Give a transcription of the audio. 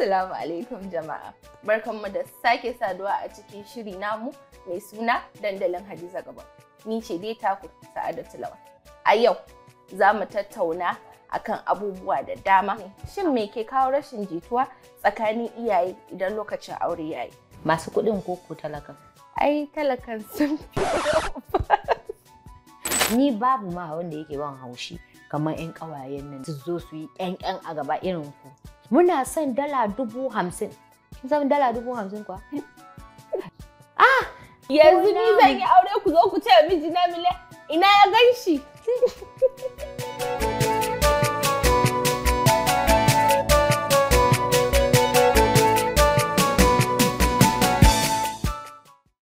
Assalamu alaikum jama'a. Barkanmu da sake saduwa a cikin shiri namu mai suna dandalin Hadiza Gaba. Ni ce dai taku Sa'ada Tilawa. A yau za mu tattauna akan abubuwa da dama. Shin me ke kawo rashin jituwa tsakanin iyaye idan lokacin aure yayi? Masu kuɗin ko ko talakan. Ai talakan sun fi Ni babu ma wanda yake ban haushi kamar 'yan ƙawayen nan su zo su yi 'yan a gaba irin ku. muna son dala dubu hamsin kin san dala dubu hamsin kuwa ah yanzu ni zan yi aure ku zo ku ce miji na mile ina ya gan shi